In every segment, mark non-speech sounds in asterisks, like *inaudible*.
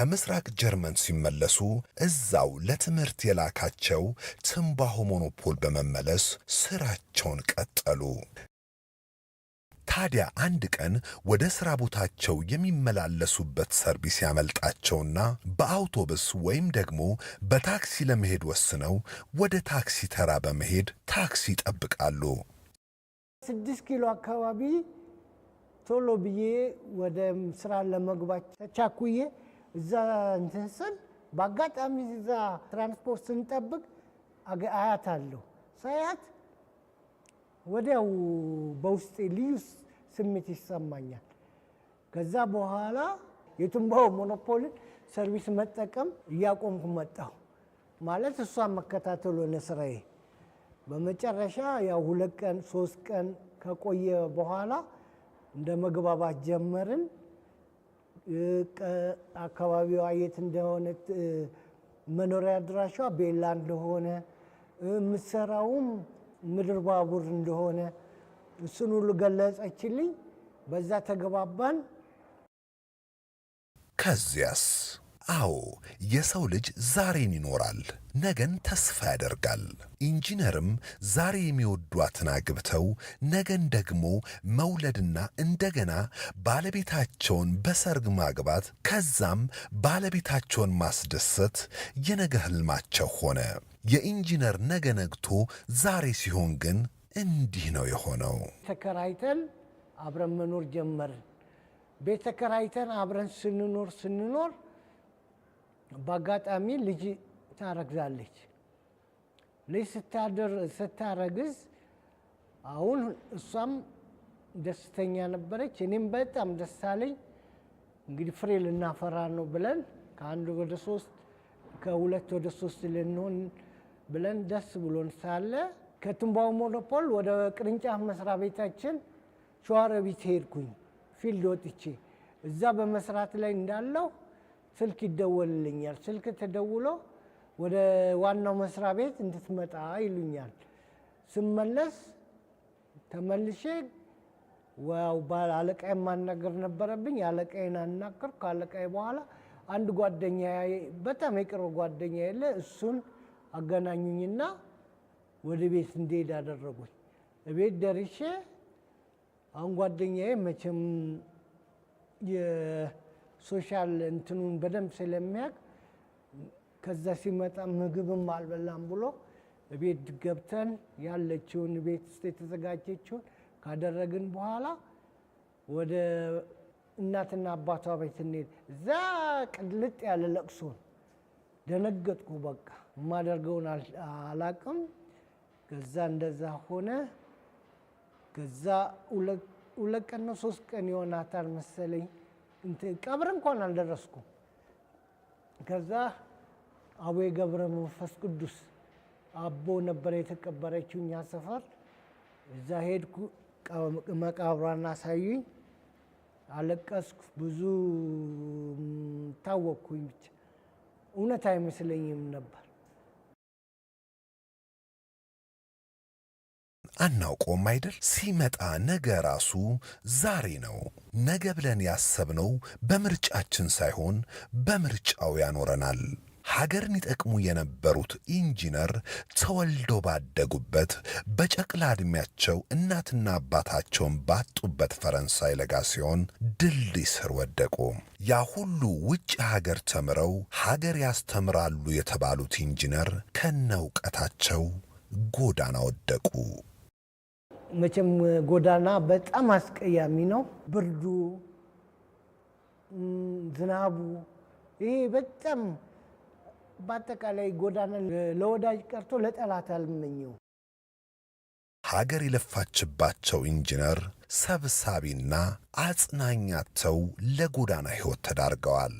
ከምስራቅ ጀርመን ሲመለሱ እዛው ለትምህርት የላካቸው ትንባሆ ሞኖፖል በመመለስ ስራቸውን ቀጠሉ። ታዲያ አንድ ቀን ወደ ሥራ ቦታቸው የሚመላለሱበት ሰርቪስ ያመልጣቸውና በአውቶብስ ወይም ደግሞ በታክሲ ለመሄድ ወስነው ወደ ታክሲ ተራ በመሄድ ታክሲ ይጠብቃሉ። ስድስት ኪሎ አካባቢ ቶሎ ብዬ ወደ ስራ ለመግባት ተቻኩዬ እዛ እንትን ስል በአጋጣሚ እዛ ትራንስፖርት ስንጠብቅ አያት አለሁ ሳያት ወዲያው በውስጤ ልዩ ስሜት ይሰማኛል። ከዛ በኋላ የትንባው ሞኖፖልን ሰርቪስ መጠቀም እያቆምኩ መጣሁ። ማለት እሷን መከታተል ሆነ ስራዬ። በመጨረሻ ያው ሁለት ቀን ሶስት ቀን ከቆየ በኋላ እንደ መግባባት ጀመርን። አካባቢዋ የት እንደሆነ መኖሪያ አድራሻ ቤላ እንደሆነ የምትሰራውም ምድር ባቡር እንደሆነ እሱን ሁሉ ገለጸችልኝ። በዛ ተገባባን። ከዚያስ አዎ የሰው ልጅ ዛሬን ይኖራል፣ ነገን ተስፋ ያደርጋል። ኢንጂነርም ዛሬ የሚወዷትን አግብተው ነገን ደግሞ መውለድና እንደገና ባለቤታቸውን በሰርግ ማግባት ከዛም ባለቤታቸውን ማስደሰት የነገ ህልማቸው ሆነ። የኢንጂነር ነገ ነግቶ ዛሬ ሲሆን ግን እንዲህ ነው የሆነው። ተከራይተን አብረን መኖር ጀመርን። ቤተከራይተን አብረን ስንኖር ስንኖር በአጋጣሚ ልጅ ታረግዛለች። ልጅ ስታረግዝ አሁን እሷም ደስተኛ ነበረች፣ እኔም በጣም ደስ አለኝ። እንግዲህ ፍሬ ልናፈራ ነው ብለን ከአንድ ወደ ሶስት ከሁለት ወደ ሶስት ልንሆን ብለን ደስ ብሎን ሳለ ከትንባው ሞኖፖል ወደ ቅርንጫፍ መስሪያ ቤታችን ሸዋረቢት ሄድኩኝ ፊልድ ወጥቼ እዛ በመስራት ላይ እንዳለው ስልክ ይደወልልኛል። ስልክ ተደውሎ ወደ ዋናው መስሪያ ቤት እንድትመጣ ይሉኛል። ስመለስ ተመልሼ ዋው አለቃ ማናገር ነበረብኝ። አለቃዬን አናገር ከአለቃዬ በኋላ አንድ ጓደኛ በጣም የቅርብ ጓደኛ የለ እሱን አገናኙኝና ወደ ቤት እንድሄድ አደረጉኝ። እቤት ደርሼ አሁን ጓደኛዬ መቼም ሶሻል እንትኑን በደንብ ስለሚያቅ ከዛ ሲመጣ ምግብም አልበላም ብሎ ቤት ገብተን ያለችውን ቤት ውስጥ የተዘጋጀችውን ካደረግን በኋላ ወደ እናትና አባቷ ቤት እንሄድ። እዛ ቅልጥ ያለ ለቅሶን ደነገጥኩ። በቃ የማደርገውን አላቅም። ከዛ እንደዛ ሆነ። ከዛ ሁለት ቀን ነው ሶስት ቀን የሆናታል መሰለኝ ቀብር እንኳን አልደረስኩ። ከዛ አቡነ ገብረ መንፈስ ቅዱስ አቦ ነበረ የተቀበረችው እኛ ሰፈር። እዛ ሄድኩ፣ መቃብሯን አሳዩኝ። አለቀስኩ፣ ብዙ ታወቅኩኝ። እውነት አይመስለኝም ነበር። አናውቀውም አይደል? ሲመጣ ነገ ራሱ ዛሬ ነው። ነገ ብለን ያሰብነው በምርጫችን ሳይሆን በምርጫው ያኖረናል። ሀገርን ይጠቅሙ የነበሩት ኢንጂነር ተወልደው ባደጉበት በጨቅላ ዕድሜያቸው እናትና አባታቸውን ባጡበት ፈረንሳይ ለጋ ሲሆን ድልድይ ስር ወደቁ። ያ ሁሉ ውጭ ሀገር ተምረው ሀገር ያስተምራሉ የተባሉት ኢንጂነር ከነ እውቀታቸው ጎዳና ወደቁ። መቼም ጎዳና በጣም አስቀያሚ ነው። ብርዱ፣ ዝናቡ ይሄ በጣም በአጠቃላይ ጎዳና ለወዳጅ ቀርቶ ለጠላት አልመኘው። ሀገር የለፋችባቸው ኢንጂነር ሰብሳቢና አጽናኛቸው ለጎዳና ሕይወት ተዳርገዋል።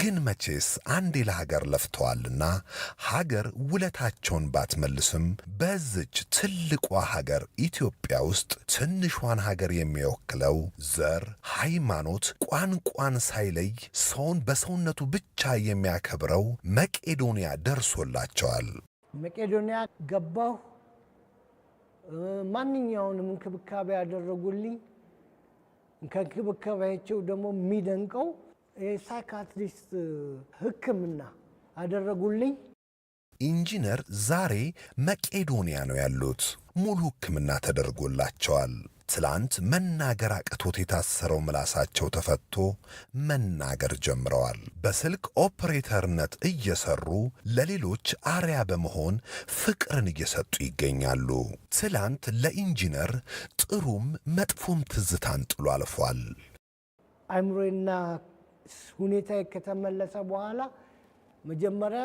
ግን መቼስ አንዴ ለሀገር ለፍተዋልና ሀገር ውለታቸውን ባትመልስም በዝች ትልቋ ሀገር ኢትዮጵያ ውስጥ ትንሿን ሀገር የሚወክለው ዘር፣ ሃይማኖት፣ ቋንቋን ሳይለይ ሰውን በሰውነቱ ብቻ የሚያከብረው መቄዶንያ ደርሶላቸዋል። መቄዶንያ ገባሁ። ማንኛውንም እንክብካቤ ያደረጉልኝ ከእንክብካቤያቸው ደግሞ የሚደንቀው የሳይካትሪስት ሕክምና አደረጉልኝ። ኢንጂነር ዛሬ መቄዶንያ ነው ያሉት። ሙሉ ሕክምና ተደርጎላቸዋል። ትላንት መናገር አቅቶት የታሰረው ምላሳቸው ተፈቶ መናገር ጀምረዋል። በስልክ ኦፕሬተርነት እየሰሩ ለሌሎች አርያ በመሆን ፍቅርን እየሰጡ ይገኛሉ። ትላንት ለኢንጂነር ጥሩም መጥፎም ትዝታን ጥሎ አልፏል። አይምሮና ሁኔታ ከተመለሰ በኋላ መጀመሪያ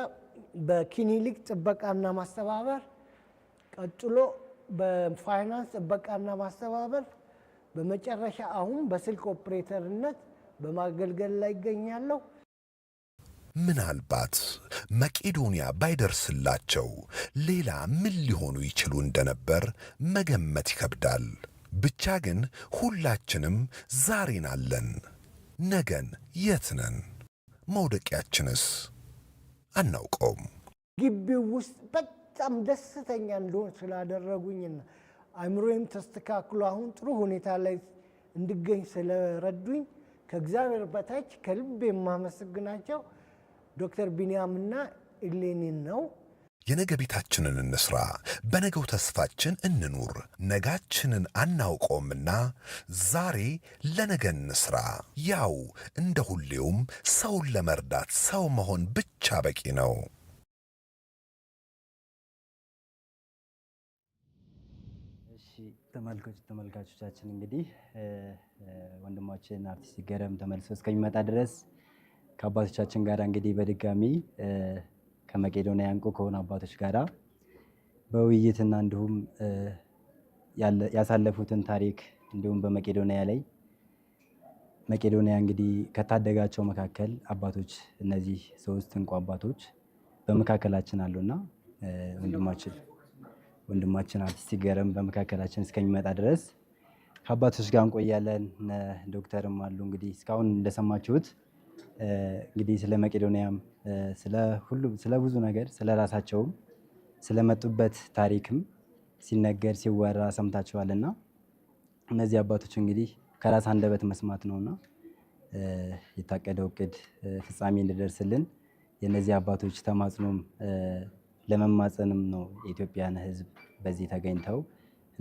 በክሊኒክ ጥበቃና ማስተባበር፣ ቀጥሎ በፋይናንስ ጥበቃና ማስተባበር፣ በመጨረሻ አሁን በስልክ ኦፕሬተርነት በማገልገል ላይ ይገኛለሁ። ምናልባት መቄዶንያ ባይደርስላቸው ሌላ ምን ሊሆኑ ይችሉ እንደነበር መገመት ይከብዳል። ብቻ ግን ሁላችንም ዛሬን አለን። ነገን የት ነን? መውደቂያችንስ አናውቀውም። ግቢው ውስጥ በጣም ደስተኛ እንደሆን ስላደረጉኝና አእምሮዬም ተስተካክሎ አሁን ጥሩ ሁኔታ ላይ እንድገኝ ስለረዱኝ ከእግዚአብሔር በታች ከልብ የማመሰግናቸው ዶክተር ቢንያምና ኢሌኒን ነው። የነገ ቤታችንን እንስራ፣ በነገው ተስፋችን እንኑር። ነጋችንን አናውቀውምና ዛሬ ለነገ እንስራ። ያው እንደ ሁሌውም ሰውን ለመርዳት ሰው መሆን ብቻ በቂ ነው። ተመልካች ተመልካቾቻችን እንግዲህ ወንድማችን አርቲስት ገረም ተመልሶ እስከሚመጣ ድረስ ከአባቶቻችን ጋር እንግዲህ በድጋሚ ከመቄዶንያ እንቁ ከሆኑ አባቶች ጋራ በውይይትና እንዲሁም ያሳለፉትን ታሪክ እንዲሁም በመቄዶንያ ላይ መቄዶንያ እንግዲህ ከታደጋቸው መካከል አባቶች እነዚህ ሶስት እንቁ አባቶች በመካከላችን አሉና ወንድማችን ወንድማችን አርቲስት ይገረም በመካከላችን እስከሚመጣ ድረስ ከአባቶች ጋር እንቆያለን። ዶክተርም አሉ እንግዲህ እስካሁን እንደሰማችሁት እንግዲህ ስለ መቄዶንያም ስለ ብዙ ነገር ስለ ራሳቸውም ስለመጡበት ታሪክም ሲነገር ሲወራ እና እነዚህ አባቶች እንግዲህ ከራስ አንደበት መስማት ነውና የታቀደው እቅድ ፍጻሜ እንዲደርስልን የእነዚህ አባቶች ተማጽኖም ለመማጸንም ነው የኢትዮጵያን ሕዝብ በዚህ ተገኝተው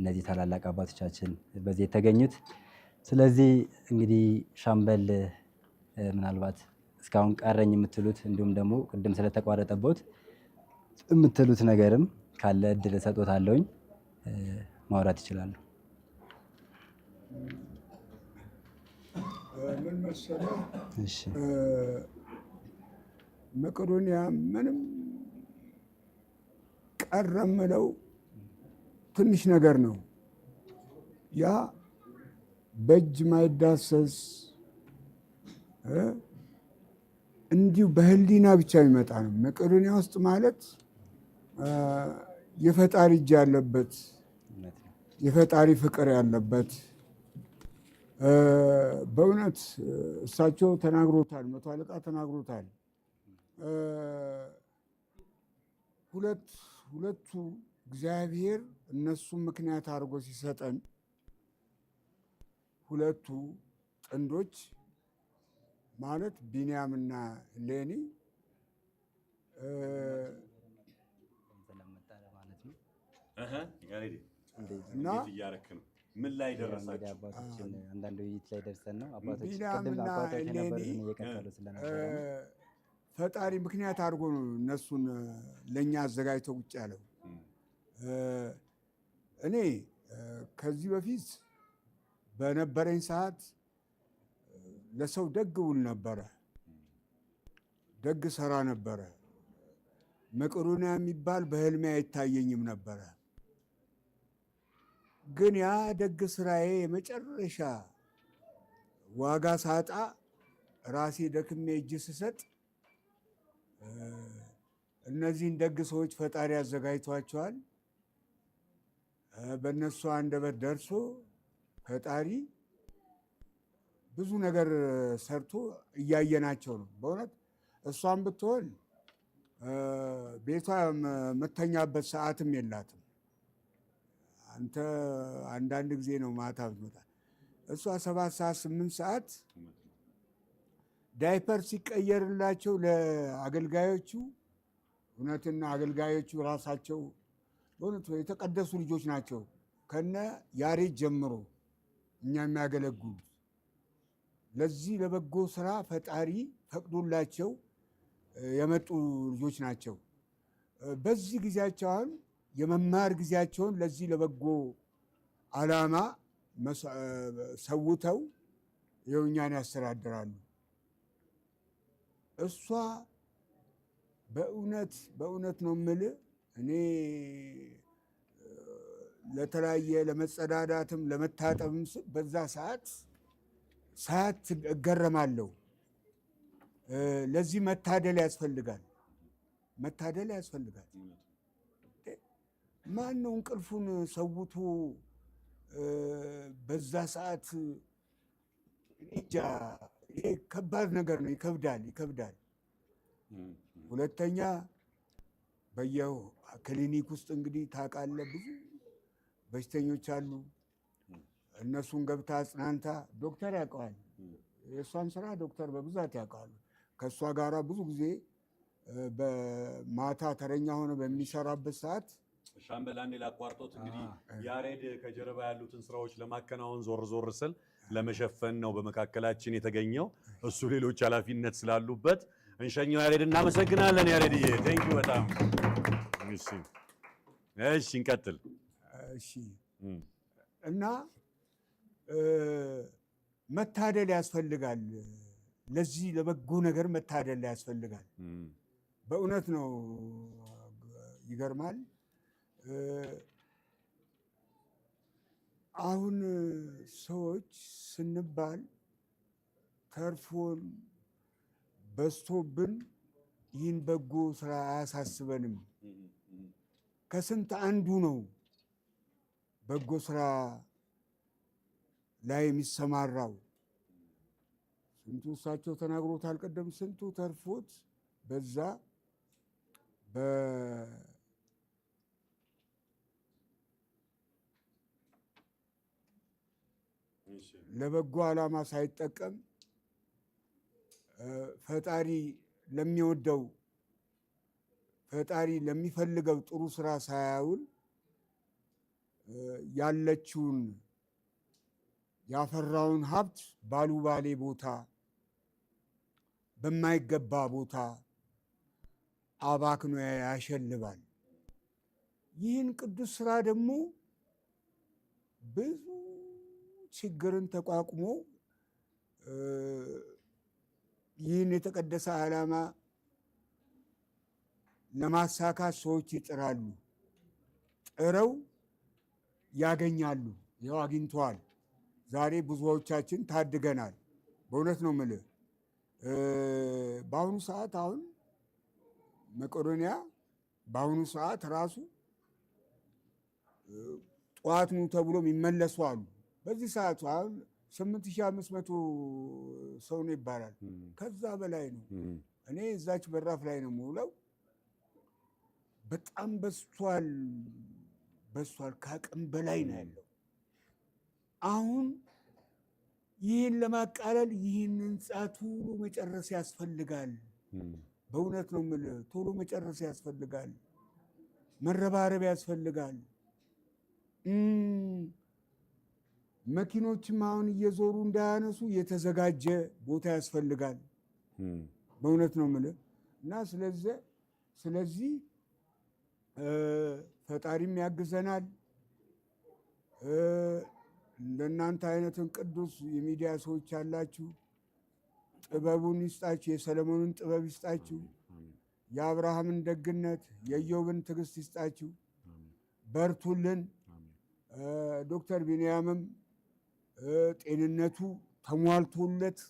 እነዚህ ታላላቅ አባቶቻችን በዚህ የተገኙት። ስለዚህ እንግዲህ ሻምበል ምናልባት እስካሁን ቀረኝ የምትሉት እንዲሁም ደግሞ ቅድም ስለተቋረጠበት የምትሉት ነገርም ካለ እድል እሰጦታለሁኝ። ማውራት ይችላሉ። ምን መሰለህ፣ መቄዶንያ ምንም ቀረ ምለው ትንሽ ነገር ነው። ያ በእጅ ማይዳሰስ እንዲሁ በህሊና ብቻ የሚመጣ ነው። መቄዶንያ ውስጥ ማለት የፈጣሪ እጅ ያለበት የፈጣሪ ፍቅር ያለበት በእውነት እሳቸው ተናግሮታል። መቶ አለቃ ተናግሮታል። ሁለት ሁለቱ እግዚአብሔር እነሱን ምክንያት አድርጎ ሲሰጠን ሁለቱ ጥንዶች ማለት ቢንያምና ሌኒ እና ምን ላይ ደረሳችሁ? አንዳንድ ውይይት ላይ ደርሰን ነው። ቢንያምና ሌኒ ፈጣሪ ምክንያት አድርጎ ነው እነሱን ለእኛ አዘጋጅተው ውጭ ያለው። እኔ ከዚህ በፊት በነበረኝ ሰዓት ለሰው ደግ ውል ነበረ፣ ደግ ሰራ ነበረ። መቄዶንያ የሚባል በህልሜ አይታየኝም ነበረ። ግን ያ ደግ ስራዬ የመጨረሻ ዋጋ ሳጣ ራሴ ደክሜ እጅ ስሰጥ እነዚህን ደግ ሰዎች ፈጣሪ አዘጋጅቷቸዋል። በእነሱ አንደበት ደርሶ ፈጣሪ ብዙ ነገር ሰርቶ እያየናቸው ነው። በእውነት እሷም ብትሆን ቤቷ መተኛበት ሰዓትም የላትም። አንተ አንዳንድ ጊዜ ነው ማታ ብትመጣ፣ እሷ ሰባት ሰዓት ስምንት ሰዓት ዳይፐር ሲቀየርላቸው ለአገልጋዮቹ እውነትና አገልጋዮቹ ራሳቸው በእውነት የተቀደሱ ልጆች ናቸው። ከነ ያሬድ ጀምሮ እኛ የሚያገለግሉት ለዚህ ለበጎ ስራ ፈጣሪ ፈቅዶላቸው የመጡ ልጆች ናቸው። በዚህ ጊዜያቸውን የመማር ጊዜያቸውን ለዚህ ለበጎ አላማ ሰውተው የውኛን ያስተዳድራሉ። እሷ በእውነት በእውነት ነው ምል እኔ ለተለያየ ለመጸዳዳትም ለመታጠብም በዛ ሰዓት ሳያት እገረማለሁ። ለዚህ መታደል ያስፈልጋል፣ መታደል ያስፈልጋል። ማን ነው እንቅልፉን ሰውቶ በዛ ሰዓት እንጃ። ይሄ ከባድ ነገር ነው። ይከብዳል፣ ይከብዳል። ሁለተኛ ክሊኒክ ውስጥ እንግዲህ ታውቃለህ ብዙ በሽተኞች አሉ። እነሱን ገብታ አጽናንታ ዶክተር ያውቀዋል። የእሷን ስራ ዶክተር በብዛት ያውቀዋል። ከእሷ ጋራ ብዙ ጊዜ በማታ ተረኛ ሆነ በሚሰራበት ሰዓት ሻምበላኔ ላቋርጦት እንግዲህ ያሬድ ከጀርባ ያሉትን ስራዎች ለማከናወን ዞር ዞር ስል ለመሸፈን ነው በመካከላችን የተገኘው። እሱ ሌሎች ኃላፊነት ስላሉበት እንሸኛው። ያሬድ እናመሰግናለን። ያሬድዬ ቴንኪው በጣም እሺ፣ እንቀጥል። እሺ እና መታደል ያስፈልጋል። ለዚህ ለበጎ ነገር መታደል ያስፈልጋል። በእውነት ነው። ይገርማል። አሁን ሰዎች ስንባል ተርፎን በዝቶብን ይህን በጎ ስራ አያሳስበንም። ከስንት አንዱ ነው በጎ ስራ ላይ የሚሰማራው ስንቱ እሳቸው ተናግሮት አልቀደም ስንቱ ተርፎት በዛ ለበጎ ዓላማ ሳይጠቀም ፈጣሪ ለሚወደው ፈጣሪ ለሚፈልገው ጥሩ ስራ ሳያውል ያለችውን ያፈራውን ሀብት ባሉባሌ ቦታ በማይገባ ቦታ አባክኖ ያሸልባል። ይህን ቅዱስ ስራ ደግሞ ብዙ ችግርን ተቋቁሞ ይህን የተቀደሰ ዓላማ ለማሳካት ሰዎች ይጥራሉ፣ ጥረው ያገኛሉ። ያው አግኝተዋል። ዛሬ ብዙዎቻችን ታድገናል። በእውነት ነው ምል በአሁኑ ሰዓት አሁን መቄዶንያ በአሁኑ ሰዓት ራሱ ጠዋት ኑ ተብሎ የሚመለሱ አሉ። በዚህ ሰዓቱ አሁን ስምንት ሺህ አምስት መቶ ሰው ነው ይባላል። ከዛ በላይ ነው። እኔ እዛች በራፍ ላይ ነው የምውለው። በጣም በስቷል፣ በስቷል ከአቅም በላይ ነው ያለው አሁን ይህን ለማቃለል ይህን ህንፃ ቶሎ መጨረስ ያስፈልጋል። በእውነት ነው የምልህ፣ ቶሎ መጨረስ ያስፈልጋል። መረባረብ ያስፈልጋል። መኪኖችም አሁን እየዞሩ እንዳያነሱ የተዘጋጀ ቦታ ያስፈልጋል። በእውነት ነው የምልህ እና ስለዚህ ፈጣሪም ያግዘናል እንደናንተ አይነትን ቅዱስ የሚዲያ ሰዎች ያላችሁ ጥበቡን ይስጣችሁ። የሰለሞኑን ጥበብ ይስጣችሁ። የአብርሃምን ደግነት የኢዮብን ትዕግስት ይስጣችሁ። በርቱልን። ዶክተር ቢንያምም ጤንነቱ ተሟልቶለት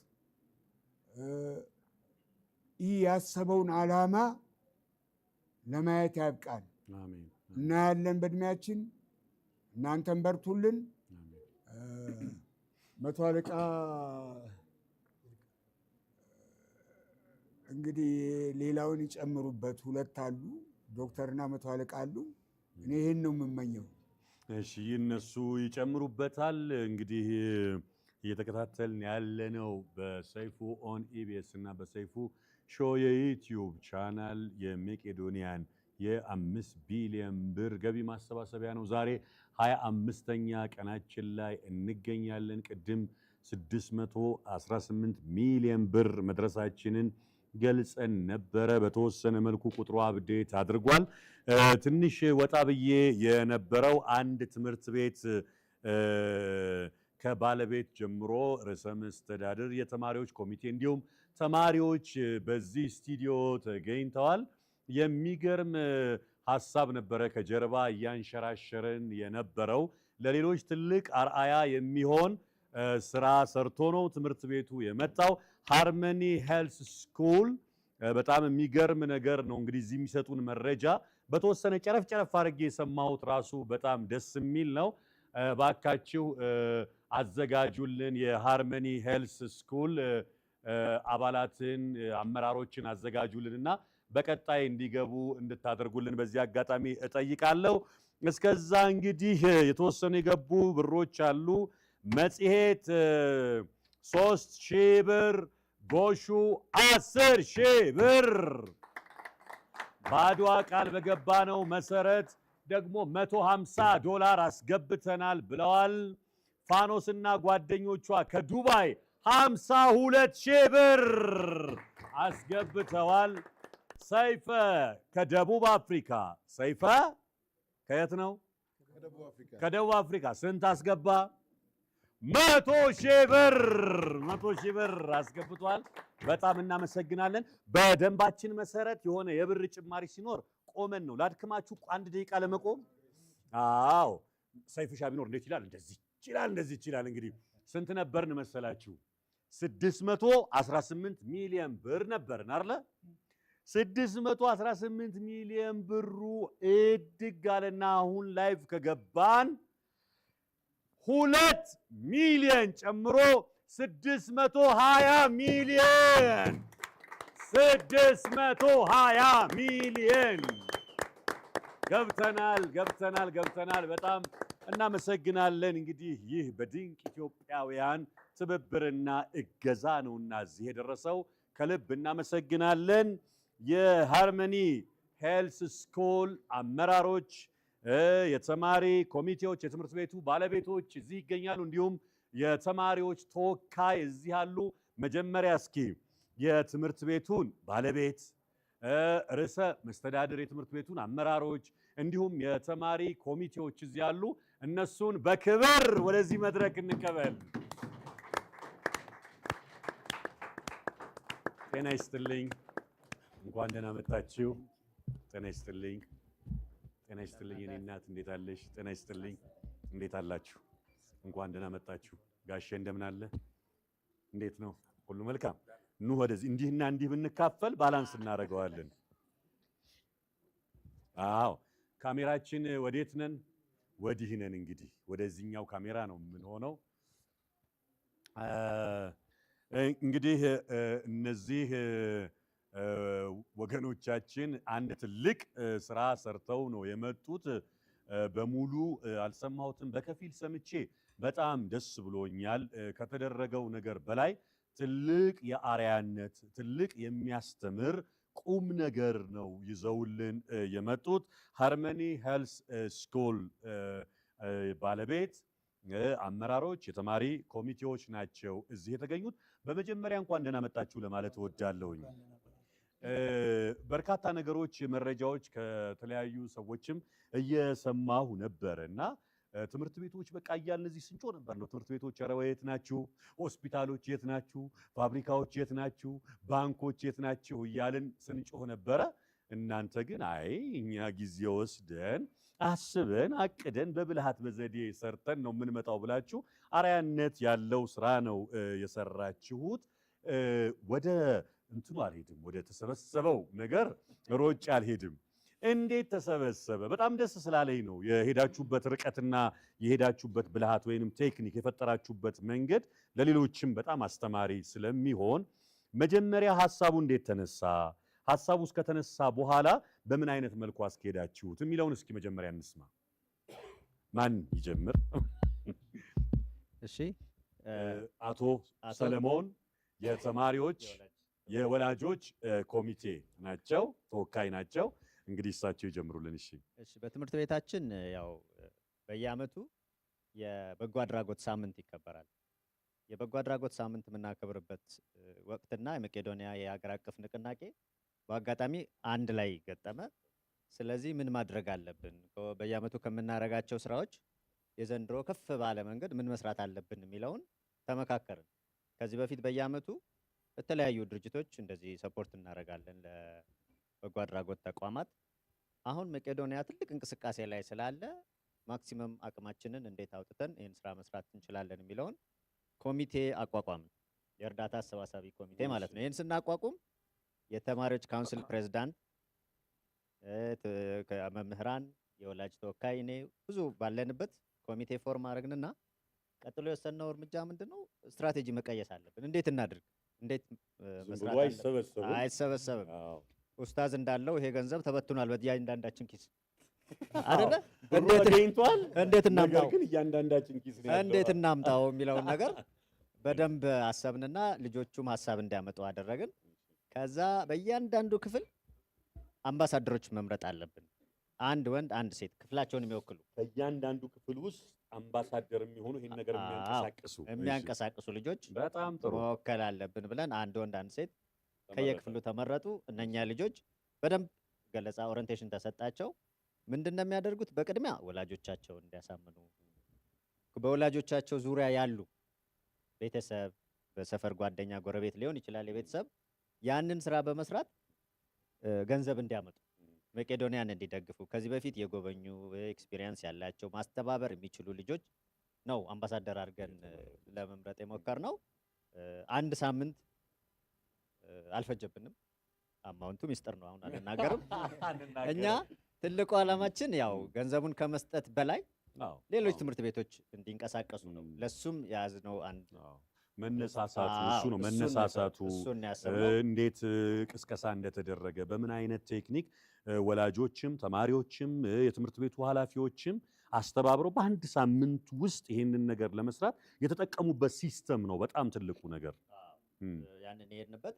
ይህ ያሰበውን ዓላማ ለማየት ያብቃል። እናያለን በእድሜያችን። እናንተን በርቱልን። መቶ አለቃ እንግዲህ ሌላውን ይጨምሩበት ሁለት አሉ፣ ዶክተርና መቶ አለቃ አሉ። እኔ ይህን ነው የምመኘው። እሺ እነሱ ይጨምሩበታል። እንግዲህ እየተከታተልን ያለነው በሰይፉ ኦን ኢቢኤስ እና በሰይፉ ሾው የዩትዩብ ቻናል የመቄዶንያን የአምስት ቢሊዮን ብር ገቢ ማሰባሰቢያ ነው ዛሬ ሀያ አምስተኛ ቀናችን ላይ እንገኛለን። ቅድም 618 ሚሊዮን ብር መድረሳችንን ገልጸን ነበረ። በተወሰነ መልኩ ቁጥሩ አብዴት አድርጓል። ትንሽ ወጣ ብዬ የነበረው አንድ ትምህርት ቤት ከባለቤት ጀምሮ ርዕሰ መስተዳድር፣ የተማሪዎች ኮሚቴ እንዲሁም ተማሪዎች በዚህ ስቱዲዮ ተገኝተዋል። የሚገርም ሀሳብ ነበረ ከጀርባ እያንሸራሸርን የነበረው ለሌሎች ትልቅ አርአያ የሚሆን ስራ ሰርቶ ነው ትምህርት ቤቱ የመጣው። ሃርመኒ ሄልስ ስኩል በጣም የሚገርም ነገር ነው። እንግዲህ እዚህ የሚሰጡን መረጃ በተወሰነ ጨረፍ ጨረፍ አድርጌ የሰማሁት ራሱ በጣም ደስ የሚል ነው። ባካችሁ አዘጋጁልን፣ የሃርመኒ ሄልስ ስኩል አባላትን አመራሮችን አዘጋጁልንና በቀጣይ እንዲገቡ እንድታደርጉልን በዚህ አጋጣሚ እጠይቃለሁ። እስከዛ እንግዲህ የተወሰኑ የገቡ ብሮች አሉ። መጽሔት ሶስት ሺህ ብር፣ ጎሹ አስር ሺህ ብር በአድዋ ቃል በገባነው መሰረት ደግሞ 150 ዶላር አስገብተናል ብለዋል። ፋኖስና ጓደኞቿ ከዱባይ 52 ሺህ ብር አስገብተዋል። ሰይፈ ከደቡብ አፍሪካ ሰይፈ ከየት ነው? ከደቡብ አፍሪካ ስንት አስገባ? መቶ ሺህ ብር መቶ ሺህ ብር አስገብቷል። በጣም እናመሰግናለን። በደንባችን መሰረት የሆነ የብር ጭማሪ ሲኖር ቆመን ነው ላድክማችሁ፣ አንድ ደቂቃ ለመቆም አዎ። ሰይፍሻ ቢኖር እንዴት ይላል? እንደዚህ ይችላል፣ እንደዚህ ይችላል። እንግዲህ ስንት ነበርን መሰላችሁ? 618 ሚሊዮን ብር ነበርን አይደል? 618 ሚሊዮን ብሩ እድግ አለና አሁን ላይቭ ከገባን ሁለት ሚሊዮን ጨምሮ 620 ሚሊዮን 620 ሚሊዮን ገብተናል ገብተናል ገብተናል። በጣም እናመሰግናለን። እንግዲህ ይህ በድንቅ ኢትዮጵያውያን ትብብርና እገዛ ነውና እዚህ የደረሰው ከልብ እናመሰግናለን። የሃርመኒ ሄልስ ስኩል አመራሮች፣ የተማሪ ኮሚቴዎች፣ የትምህርት ቤቱ ባለቤቶች እዚህ ይገኛሉ። እንዲሁም የተማሪዎች ተወካይ እዚህ አሉ። መጀመሪያ እስኪ የትምህርት ቤቱን ባለቤት ርዕሰ መስተዳድር፣ የትምህርት ቤቱን አመራሮች እንዲሁም የተማሪ ኮሚቴዎች እዚህ አሉ እነሱን በክብር ወደዚህ መድረክ እንቀበል። ጤና ይስጥልኝ። እንኳን ደህና መጣችሁ። ጤና ይስጥልኝ፣ ጤና ይስጥልኝ። እኔ እናት እንዴት አለሽ? ጤና ይስጥልኝ። እንዴት አላችሁ? እንኳን ደህና መጣችሁ። ጋሼ እንደምን አለ? እንዴት ነው? ሁሉ መልካም። ኑ ወደዚህ እንዲህና እንዲህ ብንካፈል ባላንስ እናደርገዋለን። አዎ ካሜራችን ወዴት ነን? ወዲህ ነን። እንግዲህ ወደዚህኛው ካሜራ ነው የምንሆነው። እንግዲህ እነዚህ ወገኖቻችን አንድ ትልቅ ስራ ሰርተው ነው የመጡት። በሙሉ አልሰማሁትም፣ በከፊል ሰምቼ በጣም ደስ ብሎኛል። ከተደረገው ነገር በላይ ትልቅ የአርያነት ትልቅ የሚያስተምር ቁም ነገር ነው ይዘውልን የመጡት። ሃርመኒ ሄልስ ስኩል ባለቤት አመራሮች፣ የተማሪ ኮሚቴዎች ናቸው እዚህ የተገኙት። በመጀመሪያ እንኳን ደህና መጣችሁ ለማለት እወዳለሁኝ። በርካታ ነገሮች፣ መረጃዎች ከተለያዩ ሰዎችም እየሰማሁ ነበር እና ትምህርት ቤቶች በቃ እያል እዚህ ስንጮ ነበር ነው። ትምህርት ቤቶች ኧረ የት ናችሁ? ሆስፒታሎች የት ናችሁ? ፋብሪካዎች የት ናችሁ? ባንኮች የት ናችሁ? እያልን ስንጮህ ነበረ። እናንተ ግን አይ እኛ ጊዜ ወስደን አስበን አቅደን በብልሃት በዘዴ ሰርተን ነው የምንመጣው ብላችሁ አርአያነት ያለው ስራ ነው የሰራችሁት ወደ እንትኑ አልሄድም፣ ወደ ተሰበሰበው ነገር ሮጬ አልሄድም። እንዴት ተሰበሰበ? በጣም ደስ ስላለኝ ነው። የሄዳችሁበት ርቀትና የሄዳችሁበት ብልሃት ወይንም ቴክኒክ የፈጠራችሁበት መንገድ ለሌሎችም በጣም አስተማሪ ስለሚሆን መጀመሪያ ሀሳቡ እንዴት ተነሳ፣ ሀሳቡ እስከ ተነሳ በኋላ በምን አይነት መልኩ አስኬዳችሁት የሚለውን እስኪ መጀመሪያ እንስማ። ማን ይጀምር? እሺ አቶ ሰለሞን የተማሪዎች የወላጆች ኮሚቴ ናቸው፣ ተወካይ ናቸው። እንግዲህ እሳቸው ይጀምሩልን። እሺ፣ እሺ። በትምህርት ቤታችን ያው በየአመቱ የበጎ አድራጎት ሳምንት ይከበራል። የበጎ አድራጎት ሳምንት የምናከብርበት ወቅትና የመቄዶንያ የሀገር አቀፍ ንቅናቄ በአጋጣሚ አንድ ላይ ገጠመ። ስለዚህ ምን ማድረግ አለብን፣ በየአመቱ ከምናደርጋቸው ስራዎች የዘንድሮ ከፍ ባለ መንገድ ምን መስራት አለብን የሚለውን ተመካከርን። ከዚህ በፊት በየአመቱ? ለተለያዩ ድርጅቶች እንደዚህ ሰፖርት እናደርጋለን ለበጎ አድራጎት ተቋማት። አሁን መቄዶንያ ትልቅ እንቅስቃሴ ላይ ስላለ ማክሲመም አቅማችንን እንዴት አውጥተን ይህን ስራ መስራት እንችላለን የሚለውን ኮሚቴ አቋቋምን። የእርዳታ አሰባሳቢ ኮሚቴ ማለት ነው። ይህን ስናቋቁም የተማሪዎች ካውንስል ፕሬዝዳንት፣ መምህራን፣ የወላጅ ተወካይ፣ እኔ ብዙ ባለንበት ኮሚቴ ፎርም አድረግንና ቀጥሎ የወሰነው እርምጃ ምንድን ነው? ስትራቴጂ መቀየስ አለብን። እንዴት እናድርግ እንዴት መስራት አይሰበሰብም። ኡስታዝ እንዳለው ይሄ ገንዘብ ተበትኗል በእያንዳንዳችን ኪስ አይደለ? እንዴት እናምጣው እንዴት እናምጣው የሚለውን ነገር *laughs* በደንብ አሰብንና ልጆቹም ሀሳብ እንዲያመጡ አደረግን። ከዛ በእያንዳንዱ ክፍል አምባሳደሮች መምረጥ አለብን። አንድ ወንድ፣ አንድ ሴት ክፍላቸውን የሚወክሉ በእያንዳንዱ ክፍል ውስጥ አምባሳደር የሚሆኑ ይህን ነገር የሚያንቀሳቅሱ የሚያንቀሳቅሱ ልጆች በጣም ጥሩ መወከል አለብን ብለን አንድ ወንድ አንድ ሴት ከየክፍሉ ተመረጡ። እነኛ ልጆች በደንብ ገለጻ ኦሪንቴሽን ተሰጣቸው። ምንድን ነው የሚያደርጉት? በቅድሚያ ወላጆቻቸውን እንዲያሳምኑ በወላጆቻቸው ዙሪያ ያሉ ቤተሰብ፣ በሰፈር ጓደኛ፣ ጎረቤት ሊሆን ይችላል የቤተሰብ ያንን ስራ በመስራት ገንዘብ እንዲያመጡ መቄዶንያን እንዲደግፉ ከዚህ በፊት የጎበኙ ኤክስፒሪየንስ ያላቸው ማስተባበር የሚችሉ ልጆች ነው አምባሳደር አድርገን ለመምረጥ የሞከር ነው። አንድ ሳምንት አልፈጀብንም። አማውንቱ ሚስጥር ነው፣ አሁን አልናገርም። *laughs* እኛ ትልቁ ዓላማችን ያው ገንዘቡን ከመስጠት በላይ ሌሎች ትምህርት ቤቶች እንዲንቀሳቀሱ ነው። ለሱም የያዝነው አንድ መነሳሳቱ እሱ ነው። መነሳሳቱ እንዴት ቅስቀሳ እንደተደረገ በምን አይነት ቴክኒክ ወላጆችም፣ ተማሪዎችም፣ የትምህርት ቤቱ ኃላፊዎችም አስተባብረው በአንድ ሳምንት ውስጥ ይሄንን ነገር ለመስራት የተጠቀሙበት ሲስተም ነው። በጣም ትልቁ ነገር ያንን የሄድንበት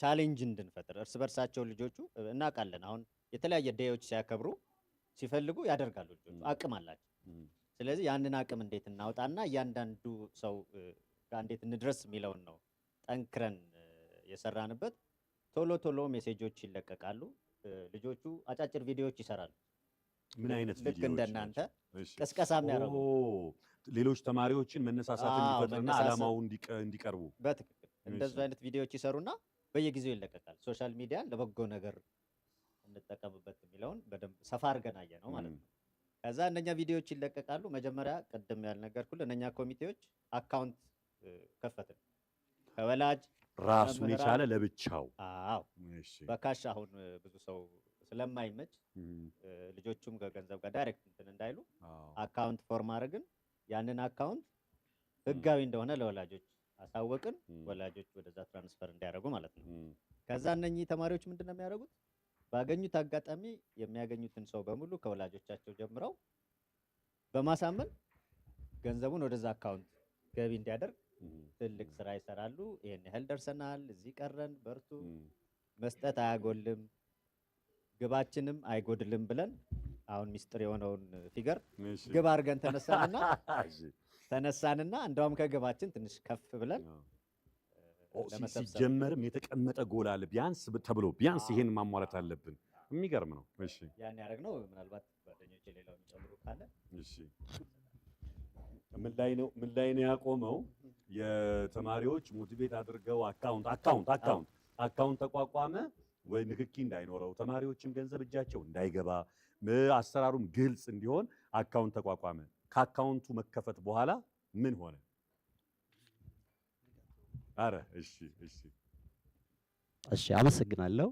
ቻሌንጅ እንድንፈጥር እርስ በርሳቸው ልጆቹ እናውቃለን። አሁን የተለያየ ዳዮች ሲያከብሩ ሲፈልጉ ያደርጋሉ። ልጆቹ አቅም አላቸው። ስለዚህ ያንን አቅም እንዴት እናውጣና እያንዳንዱ ሰው ጋር እንዴት እንድረስ የሚለውን ነው ጠንክረን የሰራንበት። ቶሎ ቶሎ ሜሴጆች ይለቀቃሉ። ልጆቹ አጫጭር ቪዲዮዎች ይሰራሉ። ምን አይነት ልክ እንደናንተ ቅስቀሳ የሚያደርጉ ሌሎች ተማሪዎችን መነሳሳት እንዲፈጥርና አላማው እንዲቀርቡ በትክክል እንደዚህ አይነት ቪዲዮዎች ይሰሩና በየጊዜው ይለቀቃል። ሶሻል ሚዲያን ለበጎ ነገር እንጠቀምበት የሚለውን በደንብ ሰፋ አድርገን ነው ማለት ነው። ከዛ እነኛ ቪዲዮዎች ይለቀቃሉ። መጀመሪያ ቅድም ያልነገርኩህ እነኛ ኮሚቴዎች አካውንት ከፈትን ከወላጅ ራሱን የቻለ ለብቻው። በካሽ አሁን ብዙ ሰው ስለማይመች ልጆቹም ከገንዘብ ጋር ዳይሬክት እንትን እንዳይሉ አካውንት ፎርም አድርግን። ያንን አካውንት ህጋዊ እንደሆነ ለወላጆች አሳወቅን። ወላጆች ወደዛ ትራንስፈር እንዲያደርጉ ማለት ነው። ከዛ እነኚህ ተማሪዎች ምንድን ነው የሚያደርጉት? ባገኙት አጋጣሚ የሚያገኙትን ሰው በሙሉ ከወላጆቻቸው ጀምረው በማሳመን ገንዘቡን ወደዛ አካውንት ገቢ እንዲያደርግ ትልቅ ስራ ይሰራሉ። ይህን ያህል ደርሰናል፣ እዚህ ቀረን፣ በርቱ፣ መስጠት አያጎልም፣ ግባችንም አይጎድልም ብለን አሁን ሚስጥር የሆነውን ፊገር ግብ አድርገን ተነሳንና *laughs* ተነሳንና እንደውም ከግባችን ትንሽ ከፍ ብለን ሲጀመርም የተቀመጠ ጎል አለ ቢያንስ ተብሎ ቢያንስ ይሄን ማሟላት አለብን። የሚገርም ነው። ያን ያደረግነው ምናልባት ጓደኞች ሌላውን ጨምሩ ካለ ምን ላይ ነው ያቆመው? የተማሪዎች ሞቲቬት አድርገው አካውንት አካውንት አካውንት አካውንት ተቋቋመ ወይ ንክኪ እንዳይኖረው ተማሪዎችም ገንዘብ እጃቸው እንዳይገባ አሰራሩም ግልጽ እንዲሆን አካውንት ተቋቋመ። ከአካውንቱ መከፈት በኋላ ምን ሆነ? አረ እሺ፣ እሺ፣ እሺ፣ አመሰግናለሁ።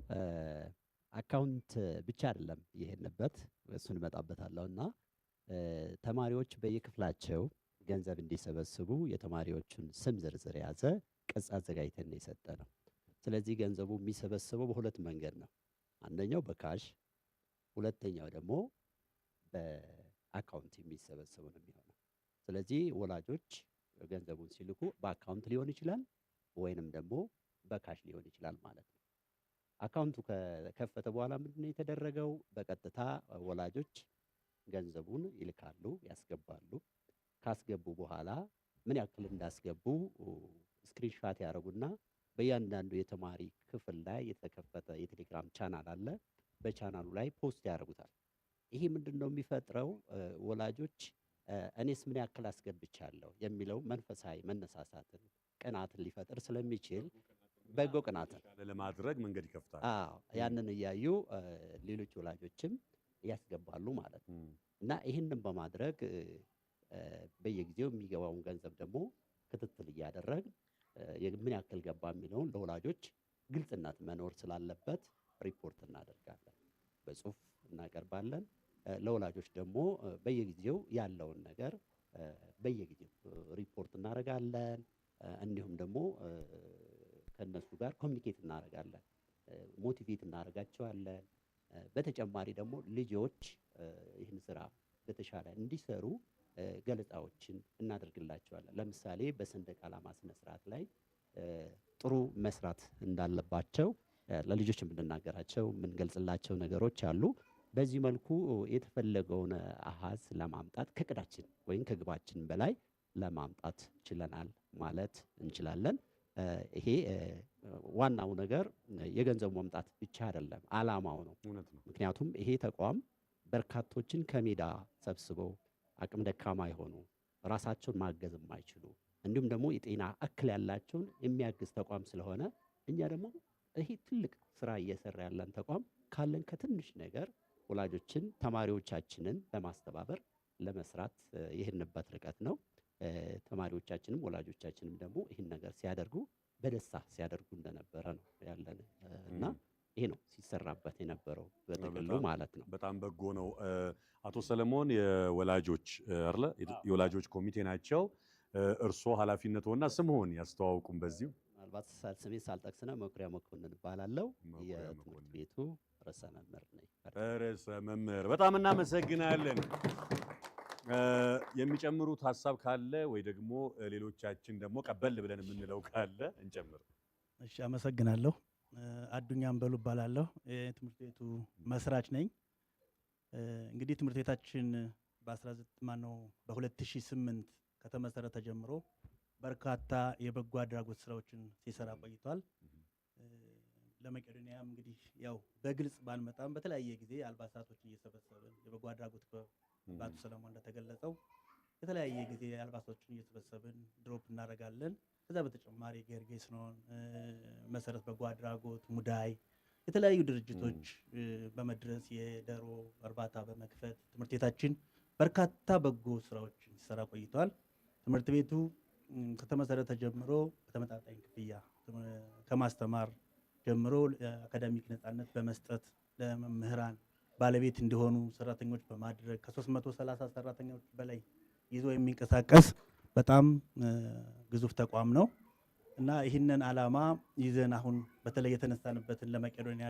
አካውንት ብቻ አይደለም የሄድንበት፣ እሱን እመጣበታለሁ እና ተማሪዎች በየክፍላቸው ገንዘብ እንዲሰበስቡ የተማሪዎቹን ስም ዝርዝር የያዘ ቅጽ አዘጋጅተን ነው የሰጠ ነው። ስለዚህ ገንዘቡ የሚሰበሰበው በሁለት መንገድ ነው። አንደኛው በካሽ ሁለተኛው ደግሞ በአካውንት የሚሰበሰቡ ነው የሚሆነው። ስለዚህ ወላጆች ገንዘቡን ሲልኩ በአካውንት ሊሆን ይችላል ወይንም ደግሞ በካሽ ሊሆን ይችላል ማለት ነው። አካውንቱ ከከፈተ በኋላ ምንድን ነው የተደረገው? በቀጥታ ወላጆች ገንዘቡን ይልካሉ፣ ያስገባሉ። ካስገቡ በኋላ ምን ያክል እንዳስገቡ ስክሪንሻት ያደረጉና በእያንዳንዱ የተማሪ ክፍል ላይ የተከፈተ የቴሌግራም ቻናል አለ። በቻናሉ ላይ ፖስት ያደርጉታል። ይሄ ምንድን ነው የሚፈጥረው? ወላጆች እኔስ ምን ያክል አስገብቻለሁ የሚለው መንፈሳዊ መነሳሳትን፣ ቅናትን ሊፈጥር ስለሚችል በጎ ቅናትን ለማድረግ መንገድ ይከፍታል። ያንን እያዩ ሌሎች ወላጆችም ያስገባሉ ማለት ነው እና ይህንን በማድረግ በየጊዜው የሚገባውን ገንዘብ ደግሞ ክትትል እያደረግን ምን ያክል ገባ የሚለውን ለወላጆች ግልጽነት መኖር ስላለበት ሪፖርት እናደርጋለን፣ በጽሁፍ እናቀርባለን። ለወላጆች ደግሞ በየጊዜው ያለውን ነገር በየጊዜው ሪፖርት እናደርጋለን። እንዲሁም ደግሞ ከእነሱ ጋር ኮሚኒኬት እናደርጋለን፣ ሞቲቬት እናደርጋቸዋለን። በተጨማሪ ደግሞ ልጆች ይህን ስራ በተሻለ እንዲሰሩ ገለጻዎችን እናደርግላቸዋለን። ለምሳሌ በሰንደቅ ዓላማ ስነ ስርዓት ላይ ጥሩ መስራት እንዳለባቸው ለልጆች የምንናገራቸው የምንገልጽላቸው ነገሮች አሉ። በዚህ መልኩ የተፈለገውን አሃዝ ለማምጣት ከቅዳችን ወይም ከግባችን በላይ ለማምጣት ችለናል ማለት እንችላለን። ይሄ ዋናው ነገር የገንዘቡ መምጣት ብቻ አይደለም፣ አላማው ነው። ምክንያቱም ይሄ ተቋም በርካቶችን ከሜዳ ሰብስቦ አቅም ደካማ የሆኑ ራሳቸውን ማገዝ የማይችሉ እንዲሁም ደግሞ የጤና እክል ያላቸውን የሚያግዝ ተቋም ስለሆነ እኛ ደግሞ ይሄ ትልቅ ስራ እየሰራ ያለን ተቋም ካለን ከትንሽ ነገር ወላጆችን፣ ተማሪዎቻችንን ለማስተባበር ለመስራት የሄድንበት ርቀት ነው። ተማሪዎቻችንም ወላጆቻችንም ደግሞ ይህን ነገር ሲያደርጉ በደስታ ሲያደርጉ እንደነበረ ነው ያለን እና ይሄ ነው ሲሰራበት የነበረው በጥቅሉ ማለት ነው። በጣም በጎ ነው። አቶ ሰለሞን የወላጆች አለ የወላጆች ኮሚቴ ናቸው። እርስዎ ሆና ስምዎን ያስተዋውቁም በዚሁ ምናልባት ስሜን ሳልጠቅስ መኩሪያ መኮንን እባላለሁ። የትምህርት ቤቱ ርዕሰ መምህር ነኝ። ርዕሰ መምህር፣ በጣም እናመሰግናለን። የሚጨምሩት ሀሳብ ካለ ወይ ደግሞ ሌሎቻችን ደግሞ ቀበል ብለን የምንለው ካለ እንጨምር። እሺ፣ አመሰግናለሁ። አዱኛም በሉ እባላለሁ። የትምህርት ቤቱ መስራች ነኝ። እንግዲህ ትምህርት ቤታችን በ ማነው በ2008 ከተመሰረተ ጀምሮ በርካታ የበጎ አድራጎት ስራዎችን ሲሰራ ቆይቷል። ለመቄዶንያም እንግዲህ ያው በግልጽ ባልመጣም በተለያየ ጊዜ አልባሳቶችን እየሰበሰብን የበጎ አድራጎት በአቶ ሰለሞን እንደተገለጸው የተለያየ ጊዜ አልባሳቶችን እየሰበሰብን ድሮፕ እናደርጋለን። ከዛ በተጨማሪ ጌርጌስኖን፣ መሰረት በጎ አድራጎት፣ ሙዳይ የተለያዩ ድርጅቶች በመድረስ የዶሮ እርባታ በመክፈት ትምህርት ቤታችን በርካታ በጎ ስራዎች ሲሰራ ቆይተዋል። ትምህርት ቤቱ ከተመሰረተ ጀምሮ በተመጣጣኝ ክፍያ ከማስተማር ጀምሮ አካዳሚክ ነፃነት በመስጠት ለመምህራን ባለቤት እንዲሆኑ ሰራተኞች በማድረግ ከ330 ሰራተኞች በላይ ይዞ የሚንቀሳቀስ በጣም ግዙፍ ተቋም ነው እና ይህንን ዓላማ ይዘን አሁን በተለይ የተነሳንበትን ለመቄዶንያ